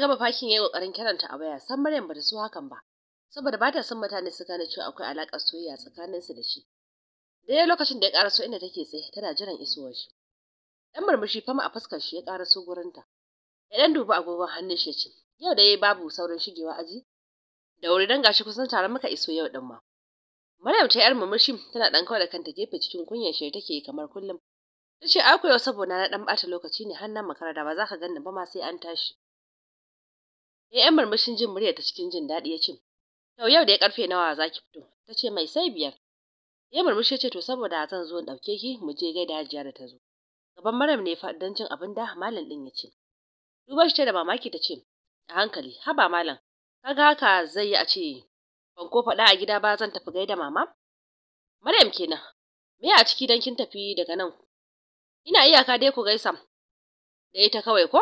gama fakin yayi kokarin kiranta a waya san Maryam bata so hakan ba saboda bata son mutane su gane cewa akwai alakar soyayya tsakanin su da shi dai lokacin da ya karaso inda take tsaye tana jiran isowar shi dan murmushi fama a fuskar shi ya karaso gurinta ya dan duba agogon hannun shi ce yau da yayi babu saurin shigewa aji da wuri dan gashi kusan tare muka iso yau din ma Maryam ta yar murmushi tana dan kawai da kanta gefe cikin kunyar shi take kamar kullum tace akwai yau saboda na dan bata lokaci ne har nan makara da ba za ka ganni ba ma sai an tashi Ya yi murmushin jin murya ta cikin jin daɗi ya ce, To yau da ya karfe nawa za ki fito? Ta ce mai sai biyar. Ya murmushi ce to saboda zan zo in ɗauke ki mu je gaida hajiya da ta zo. Gaban Maryam ne fa don jin abin da malam ɗin ya ce. Duba shi da mamaki ta ce, A hankali, haba malam, Ka ga haka zai yi a ce ban ko faɗa a gida ba zan tafi gaida mama? Maryam kenan, me a ciki don kin tafi daga nan? Ina iyaka dai ku gaisa da ita kawai ko?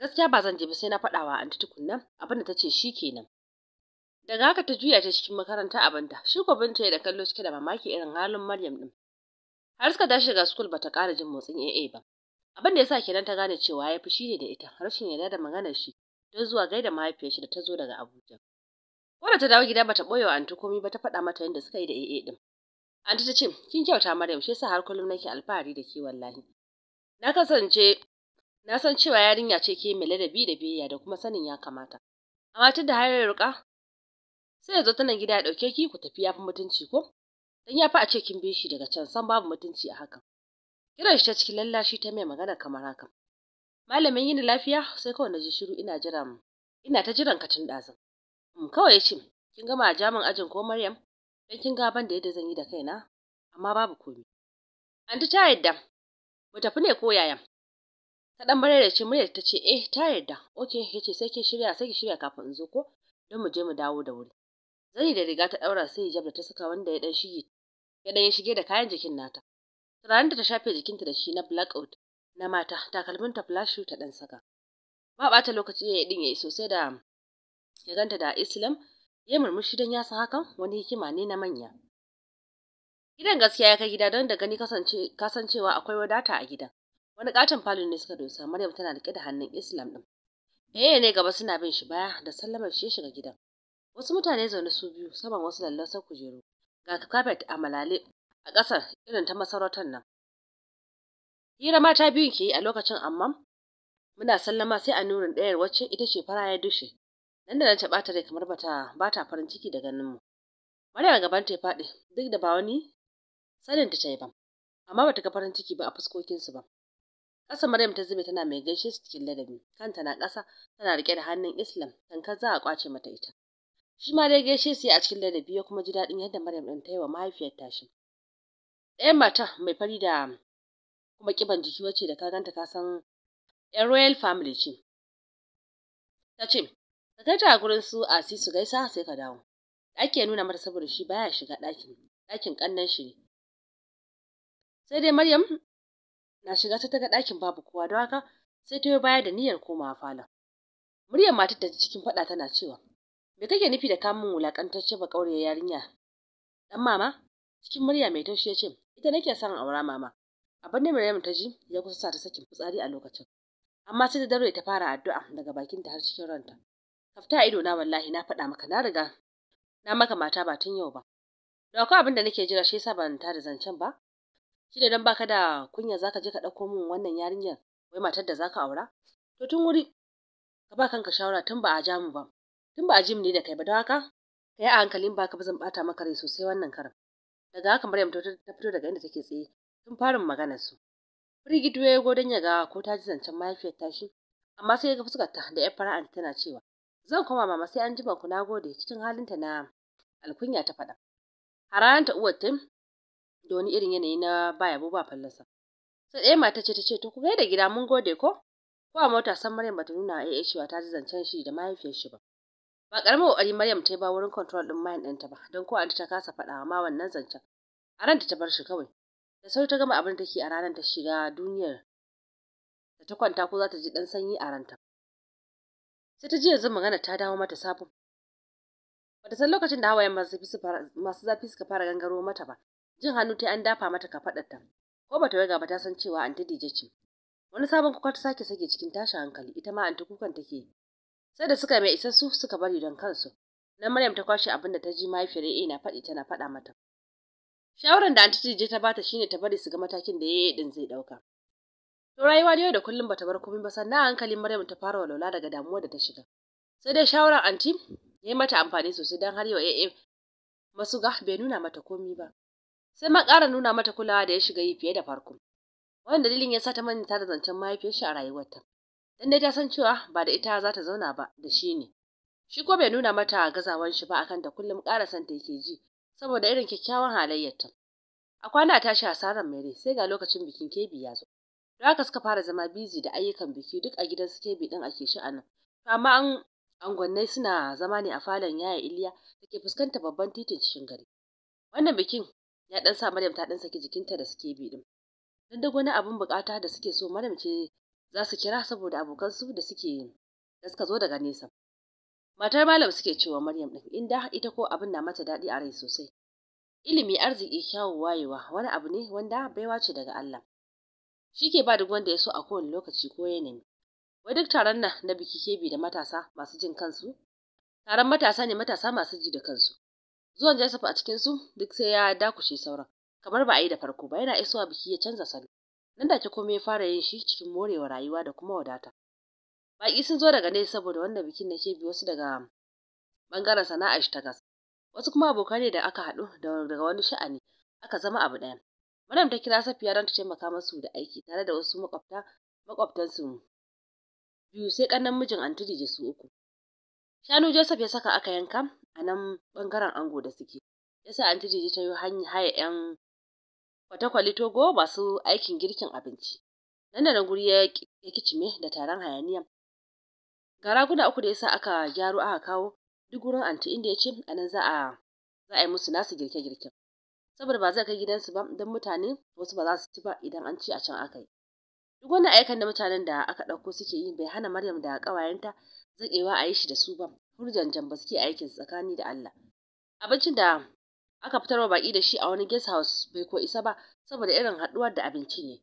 gaskiya ba zan je ba sai na faɗa wa anti tukunna abinda ta ce shi kenan daga haka ta juya ta cikin makaranta abinda! shi ko binta ya da kallo cike da mamaki irin halin maryam din har suka tashi daga school bata ƙara jin motsin AA ba Abinda da yasa kenan ta gane cewa ya fi shine da ita rashin yarda da maganar shi don zuwa gaida mahaifiyar shi da ta zo daga Abuja Wanda ta dawo gida bata boye wa anti komai ba ta faɗa mata yadda suka yi da AA din anti ta ce kin kyauta Maryam shi yasa har kullum nake alfahari da ke wallahi na kasance Na san cewa yarinya ce ke mai ladabi da biyayya da kuma sanin ya kamata. Amma tun har ya ruka sai ya zo tana gida ya ɗauke ki ku tafi ya fi mutunci ko? Dan ya fi a ce kin bi shi daga can san babu mutunci a hakan. Kiran shi ta cikin lallashi ta mai magana kamar haka. Malamin yini lafiya sai kawai na ji shiru ina jira ina ta jiran ka tun ɗazun. Hmm, kawai ya ce kin gama a jamin ajin ko Maryam dan kin ga ban da yadda zan yi da kaina amma babu komi Anti ta yadda mu tafi ne ko yaya ta dan ce muryar ta ce eh ta yarda okay yace sai ki shirya sai ki shirya kafin in zo ko don mu je mu dawo da wuri zani da riga ta daura sai hijab da ta saka wanda ya dan shige ya dan shige da kayan jikin nata turaren da ta shafe jikinta da shi na blackout na mata takalminta flash ta dan saka ba bata lokaci ya din yayi sosai da ya ganta da Islam ya murmushi dan ya san hakan wani hikima ne na manya gidan gaskiya ya kai gida don da gani kasancewa akwai wadata a gidan wani katon falon ne suka dosa maryam tana rike da hannun islam din eh ne gaba suna bin shi baya da sallamar shi shiga gidan wasu mutane zaune su biyu saman wasu lallasan kujeru ga kafet a malale a ƙasar irin ta masarautar nan hira mata biyun ke yi a lokacin amma muna sallama sai a nurin ɗayar wacce ita ce fara ya dushe nan da nan ta ɓata rai kamar bata bata farin ciki da ganin mu Maryam gaban ta ya faɗi duk da ba wani sanin ta yi ba amma bata ga farin ciki ba a fuskokinsu ba Ƙasa Maryam ta zube tana mai gaishe su cikin ladabi. Kanta na ƙasa tana riƙe da hannun Islam tankar za a ƙwace mata ita. Shi ma dai gaishe su a cikin ladabi ya kuma ji daɗin yadda Maryam ɗin ta yi wa mahaifiyar tashi. Ɗayan mata mai fari da kuma ƙiban jiki wacce da ka ganta ka san 'yan Royal Family ce. Ta ce, ka kai ta gurin su a su gaisa sai ka dawo. Ɗaki ya nuna mata saboda shi baya shiga ɗakin, ɗakin ƙannan shi ne. Sai dai Maryam na shiga ta ga ɗakin babu kowa don haka sai ta yi baya da niyyar komawa falon muryar matar ta cikin faɗa tana cewa me kake nufi da kamun wulakantacce ba ƙauriyar yarinya Ɗan mama cikin murya mai taushi ya ce ita nake son aura mama abin da Maryam ta ji ya kusa sa ta sakin fitsari a lokacin amma sai da dare ta fara addu'a daga bakin ta har cikin ranta kafta ido na wallahi na faɗa maka na riga na maka mata ba tun yau ba da akwai abin da nake jira shi yasa ban ta zancen ba shi da dan baka da kunya zaka je ka ɗauko min wannan yarinyar wai matar da zaka aura to tun wuri ka ba kanka shawara tun ba a ja mu ba tun ba a ji mu ne da kai ba don haka ka yi a hankalin baka ba zan bata maka rai sosai wannan karan daga haka Maryam ta fito daga inda take tsaye tun farin maganar su firgido ya go dan ya ga ko ta ji zancen mahaifiyar shi. amma sai ya ga fuskar ta da yar fara'an tana cewa zan koma mama sai an jima ku nagode cikin halinta na alkunya ta faɗa A ta, uwar tim da wani irin yanayi na ba yabo ba fallasa. Sai ɗaya mata ce ta ce to ku gaida gida mun gode ko? Ko a mota san Maryam bata nuna a cewa ta ji zancen shi da mahaifiyar shi ba. Ba ƙaramin ƙoƙari Maryam ta yi ba wurin control ɗin mayan ɗinta ba don ko an ta kasa faɗawa ma wannan zancen. A ranta ta bar shi kawai. Da sauri ta gama abin da take a ranar ta shiga duniyar da ta kwanta ko za ta ji ɗan sanyi a ranta. Sai ta ji yanzu magana ta dawo mata sabon. Bata san lokacin da hawayen masu zafi suka fara gangaro mata ba, jin hannu ta an dafa mata ka faɗa ta. ko bata waga ba ta san cewa anti dije ce wani sabon kuka ta sake sake cikin tashin hankali ita ma anti kukan take sai da suka mai isassu suka bari don kansu nan Maryam ta kwashe abin da ta ji mahaifiyar A na faɗi tana faɗa mata shawaran da anti dije ta bata shine ta bari su ga matakin da yayi din zai dauka to rayuwa da yau da kullum bata bar komai ba sannan hankalin Maryam ta fara walwala daga damuwar da ta shiga sai dai shawaran anti yayi mata amfani sosai don har yau Masu ga bai nuna mata komai ba sai ma ƙara nuna mata kulawa da ya shiga yi fiye da farko wannan dalilin ya sa ta manta da zancen mahaifiyar a rayuwarta dan dai ta san cewa ba da ita za ta zauna ba da shi ne shi ko bai nuna mata gazawan shi ba akan da kullum ƙara son ta yake ji saboda irin kyakkyawan halayyarta a kwana tashi hasaran mere sai ga lokacin bikin kebi ya zo don haka suka fara zama bizi da ayyukan biki duk a gidan su kebi din ake shi anan to amma an angwannai suna zama ne a falon yaya iliya da ke fuskantar babban titin cikin gari wannan bikin ya dan sa Maryam ta dan saki jikinta da suke bi din dan dago na abin bukata da suke so Maryam ce za su kira saboda abokan su da suke da suka zo daga nesa matar malam suke cewa Maryam din inda ita ko abin na mata dadi a rai sosai ilimi arziki kyawun wayewa wani abu ne wanda baiwa ce daga Allah shi ke ba duk wanda ya so a kowane lokaci ko yanayi wai duk taron nan na biki bi da matasa masu jin kansu taron matasa ne matasa masu ji da kansu Zuwan Joseph a cikin su duk sai ya dakushe sauran. Kamar ba a yi da farko ba yana isowa biki ya canza salo. Nan da ke komai ya fara yin shi cikin morewa rayuwa da kuma wadata. Baki sun zo daga nesa saboda wannan bikin na ke wasu daga bangaren sana'a shi ta gas. Wasu kuma abokai ne da aka haɗu daga wani sha'ani aka zama abu ɗaya. Madam ta kira Safiya don ta taimaka masu da aiki tare da wasu makwabta makwabtansu biyu sai ƙannan mijin je su uku. Shanu Joseph ya saka aka yanka a nan ɓangaren ango da suke. Ya sa anti Dije ta yi haya 'yan kwatakwali togo masu aikin girkin abinci. Nan da nan guri ya kicime da taron hayaniya. Ga raguna uku da ya sa aka gyaro aka kawo duk gurin anti inda ya ce a nan za a za a yi musu nasu girke-girken. Saboda ba zai kai gidansu ba don mutane wasu ba za su ci ba idan an ci a can aka yi. Duk wani aikan da mutanen da aka ɗauko suke yi bai hana Maryam da ƙawayenta zaƙewa a yi shi da su ba hurjanjan ba suke aikin tsakani da Allah abincin da aka fitarwa baki da shi a wani guest house bai ko isa ba saboda irin haɗuwar da abinci ne.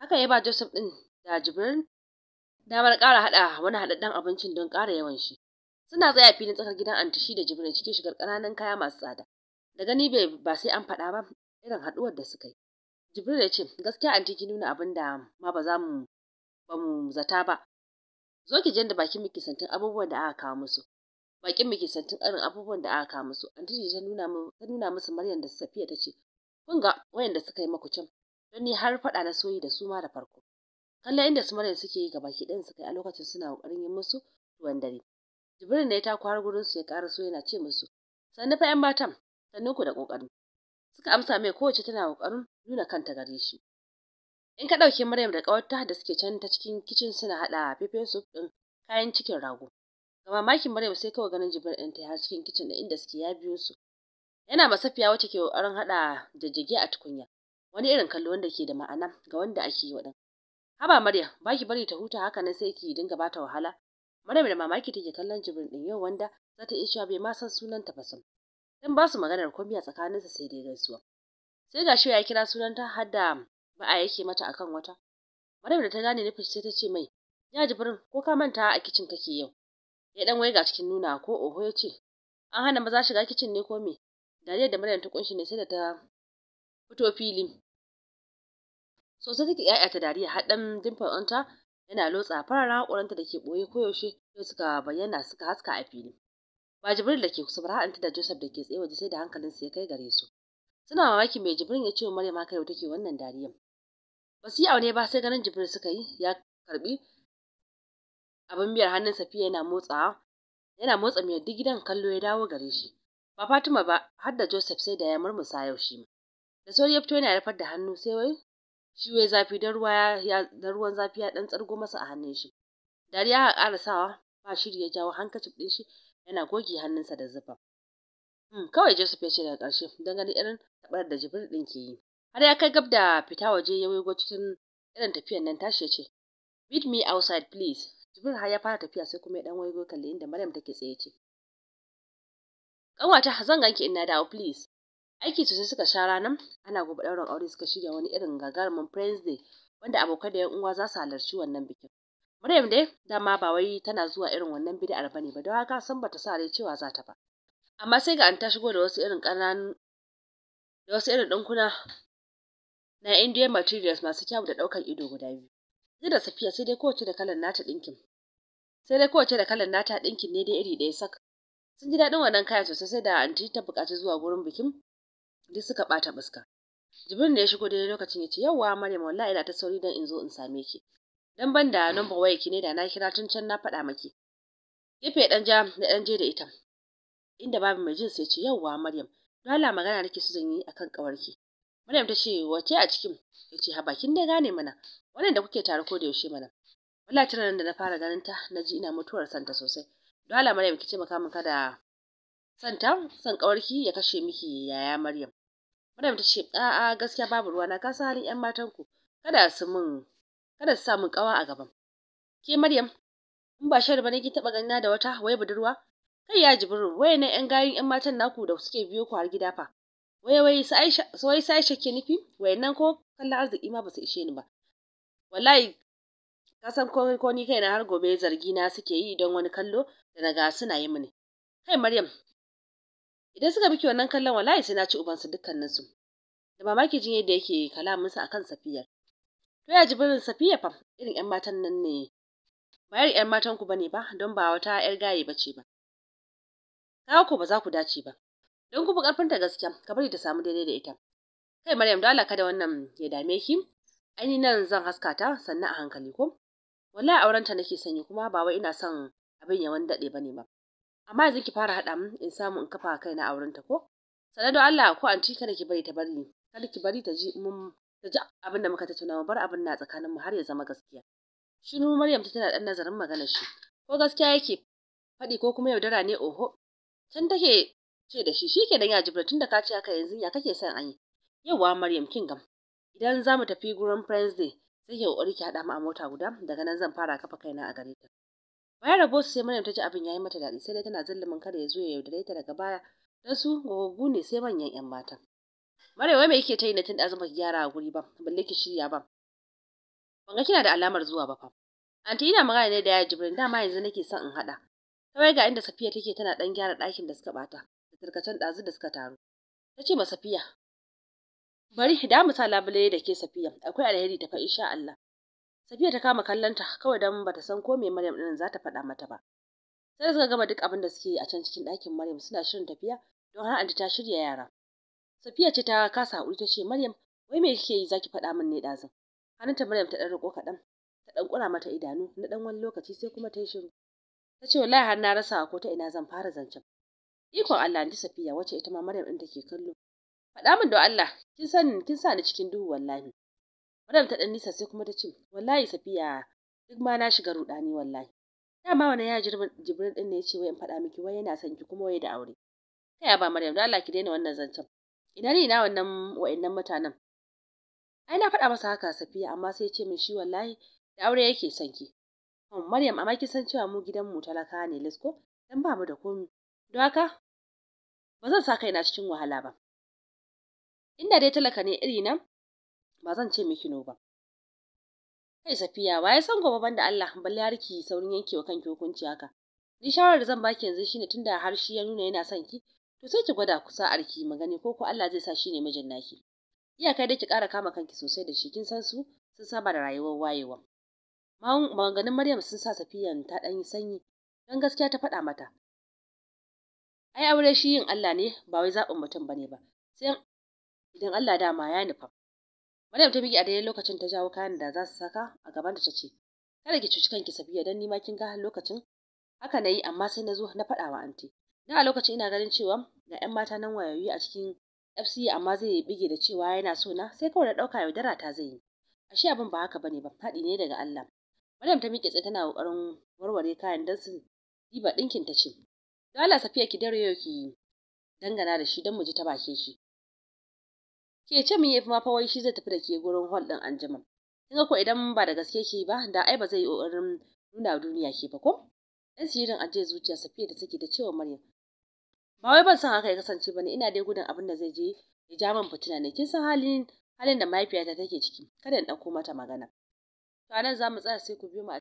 haka ya ba Joseph ɗin da Jibrin damar ƙara haɗa wani haɗaɗɗen abincin don ƙara yawan shi suna tsaya filin tsakar gidan antashi da Jibrin cikin shigar ƙananan kaya masu tsada da gani bai ba sai an faɗa ba irin haɗuwar da suka yi Jibril ya ce gaskiya anti ki nuna abin da ma ba za mu ba mu zata ba zo ki da bakin miki santin abubuwan da aka kawo musu bakin mu ke santin irin abubuwan da aka kawo musu anti ta nuna mu ta nuna musu Maryam da Safiya ta ce kun ga wayanda suka yi maku can don ni har faɗa na soyi da su ma da farko Kalla inda su Maryam suke yi gaba ki suka yi a lokacin suna kokarin yin musu ruwan dare Jibrin ne ya taku har gurin su ya ƙara so yana ce musu sannu fa 'yan batan, sannu ku da kokarin suka amsa mai kowace tana kokarin nuna kanta gare shi in ka ɗauki Maryam da ƙawarta da suke can ta cikin kicin suna haɗa fefe soup ɗin kayan cikin rago Ga mamakin Maryam sai kawai ganin Jibril ɗin ta har cikin kicin da inda suke ya biyo su. Yana ba safiya wacce ke ƙoƙarin haɗa jajjage a tukunya. Wani irin kallo wanda ke da ma'ana ga wanda ake yi wa ɗan. Haba Maryam, ba ki bari ta huta haka nan sai ki dinga bata wahala. Maryam da mamaki take kallon Jibril ɗin yau wanda za ta iya cewa bai ma san sunanta ba sam. Dan ba su maganar komai a tsakaninsa sai dai gaisuwa. Sai ga shi ya kira sunanta har da ba'a yake mata akan wata. Maryam da ta gane nufin sai ta ce mai, "Ya Jibril ko ka manta a kicin kake yau?" ya dan waiga cikin nuna ko oho ya ce an hana maza shiga kicin ne ko me Dariya da maryam ta kunshi ne sai da ta fito fili sosai take yaya ta dariya har dan dimfar onta yana lotsa farara haƙoranta da ke ɓoye yaushe sai suka bayyana suka haska a fili ba jibril da ke kusa ba ha'anta da joseph da ke tsaye waje sai da hankalinsa ya kai gare su suna mamaki mai jibrin ya ce wa maryam haka yau take wannan dariyar ba su yi aune ba sai ganin jibril suka yi ya karbi abin biyar hannun Safiya yana motsawa yana motsa miyar duk gidan kallo ya dawo gare shi ba Fatima ba har da Joseph sai da ya murmusa yau shi ma da sauri ya fito yana rufar da hannu sai wai shi wai zafi da ruwa ya ruwan zafi ya dan tsargo masa a hannun shi dariya ya ƙara sawa ba shiri ya jawo hankacin ɗin shi yana goge hannunsa da zufa hmm, kawai Joseph ya ce daga ƙarshe don gani irin taɓar da Jibril ɗin ke yi har ya kai gab da fita waje ya waigo cikin irin tafiyar nan tashi ya ce meet me outside please jibril har ya fara tafiya sai kuma ya dan waigo kalli inda maryam take tsaye ce ƙanwata zan ganki in na dawo please aiki su sosai suka sha ranar ana gobe ɗaurin aure suka shirya wani irin gagarumin friends day wanda abokai da 'yan uwa za su halarci wannan bikin Maryam dai dama ba wai tana zuwa irin wannan bid'ar bane ba don haka san bata sa rai cewa za ta ba. Amma sai ga an ta shigo da wasu irin ƙananun da wasu irin ɗinkuna na Indian materials masu kyau da ɗaukar ido guda biyu. sai da safiya sai dai kowace da kalan nata ɗinkin sai dai kowace da kalan nata ɗinkin ne dai iri ɗaya sak sun ji daɗin wannan kaya sosai sai da anti ta buƙaci zuwa gurin bikin duk suka ɓata fuska jibrin da ya shigo daidai lokacin ya ce yawwa maryam wallahi ina ta sauri dan in zo in same ki dan ban da number waya ki ne da na kira tun can na faɗa maki Kefe dan ja da dan je da ita inda babu mai jin sai ce yawwa maryam dole magana nake so zan yi akan kawarki maryam ta ce wace a cikin ya ce ha bakin dai gane mana wannan da kuke tare ko da yaushe mana wallahi tana nan da na fara ganin ta naji ina mutuwar santa sosai don Allah Maryam ki maka min kada santa san kawarki ya kashe miki yaya Maryam Maryam ta ce a'a gaskiya babu ruwa na kasa halin yan matan ku kada su mun kada su sa mun kawa a gaban ke Maryam in ba shar bane ki taba ganina da wata wai budurwa kai ya wai na yan gayun yan matan naku da suke biyo ku har gida fa wai wai sai Aisha sai wai Aisha ke nufi ko kallon arziki ma ba su ishe ni ba wallahi san ko ko ni na har gobe zargi na suke yi don wani kallo da na ga suna yi mini kai maryam idan suka biki wannan kallon wallahi sai na ci ubansu dukkanin su da mamaki jin yadda yake kalamin sa akan safiya to ya birin safiya fa irin yan matan nan ne ba irin yan matan ku bane ba don ba wata yar gaye bace ba kawo ku ba za ku dace ba don ku bi karfin ta gaskiya ka bari ta samu daidai da ita kai maryam Allah kada wannan ya dame ki Aini nan zan haska ta sannan a hankali ko? Wallahi aurenta nake sanyi kuma ba wai ina son abin ya wani dade bane ba. Amma yanzu ki fara hada min in samu in kafa kai na aurenta ko? sanar don Allah ko anti kada ki bari ta bari kada ki bari ta ji mun ta ji abin da muka tattauna bar abin na tsakanin mu har ya zama gaskiya. shinu Maryam ta tana ɗan nazarin magana shi. Ko gaskiya yake faɗi ko kuma yaudara ne oho. Can take ce da shi shike dan ya jibra tun da ka ce haka yanzu ya kake son an yi. Yauwa Maryam kin gam idan za mu tafi gurin friends day sai ki ƙoƙari ki haɗa mu a mota guda daga nan zan fara kafa kaina a gare ta bayan rabo sai Maryam ta ji abin yayi mata daɗi sai dai tana zullumin kada ya zo ya yaudare ta daga baya dan su gogaggu ne sai manyan yan matan Maryam wai me yake ta yi na tun da zama gyara a guri ba balle ki shirya ba Banga kina da alamar zuwa ba fa anti ina magana ne da ya Jibrin dama yanzu nake son in haɗa kawai ga inda Safiya take tana dan gyara ɗakin da suka bata da tarkacen ɗazu da suka taru ta ce ma Safiya Bari da mu sa labule da ke Safiya, akwai alheri ta insha Allah. Safiya ta kama kallonta kawai dan bata san ko me Maryam din za ta faɗa mata ba. Sai suka gama duk abin da suke a can cikin ɗakin Maryam suna shirin tafiya don har anti ta shirya yara. Safiya ce ta kasa haƙuri ta ce Maryam wai me kike yi zaki faɗa min ne ɗazun. Hannunta Maryam ta ɗan riko kaɗan ta ɗan ƙura mata idanu na ɗan wani lokaci sai kuma ta yi shiru. Ta ce wallahi har na rasa ko ta ina zan fara zancen. Ikon Allah ni Safiya wacce ita ma Maryam ɗin take kallo. faɗa min don Allah kin san kin sa cikin duhu wallahi madam ta dan nisa sai kuma ta ce wallahi safiya duk ma na shiga rudani wallahi dama wannan ya jibrin din ne yace wai in faɗa miki wai yana son ki kuma wai da aure kai ya ba maryam don Allah ki daina wannan zancen ina ne ina wannan wa'annan mutanen ai na faɗa masa haka safiya amma sai ya ce min shi wallahi da aure yake son ki Maryam amma kin san cewa mu gidan mu talaka ne lesko dan ba mu da komi don haka ba zan sa kaina cikin wahala ba inda dai talaka ne iri nan ba zan ce miki no ba kai safiya ya san gobe banda Allah balle har ki saurin yankewa kanki hukunci haka ni shawarar da zan baki yanzu shine tunda har shi ya nuna yana son ki to sai ki gwada ku sa arki magani ko ko Allah zai sa shi ne mijin naki iyaka dai ki ƙara kama kanki sosai da shi kin san su sun saba da rayuwar wayewa maganganun Maryam sun sa safiyan ta ɗan yi sanyi don gaskiya ta faɗa mata ai aure shi yin Allah ne ba wai zaɓin mutum bane ba sai idan Allah dama ya nufa. Maryam ta miƙe a daidai lokacin ta jawo kayan da za su saka a gabanta ta ce, Kada ki cuci kanki Safiya don nima ma kin ga lokacin haka na yi amma sai na zo na faɗa wa anti. Na a lokacin ina ganin cewa ga 'yan mata nan wayoyi a cikin FC amma zai yi bige da cewa yana so na sai kawai na ɗauka yaudara ta zai yi. Ashe abin ba haka bane ba faɗi ne daga Allah. Maryam ta miƙe tsaye tana ƙoƙarin warware kayan don su diba ɗinkin ta ce, Dole Safiya ki dare ki dangana da shi don mu ji ta bake shi. ke ce min yafi ma fa wai shi zai tafi da ke gurin hall din anjima kin ga ko idan ba da gaske ke ba da ai ba zai yi ƙoƙarin nuna duniya ke ba ko dan sirrin aje zuciya safiya da take da cewa maryam ba wai ban san haka ya kasance bane ina dai gudun abin da zai je ya ja min fitina ne kin san halin halin da mahaifiyata take ciki kada in ɗauko mata magana to anan za mu tsaya sai ku biyo mu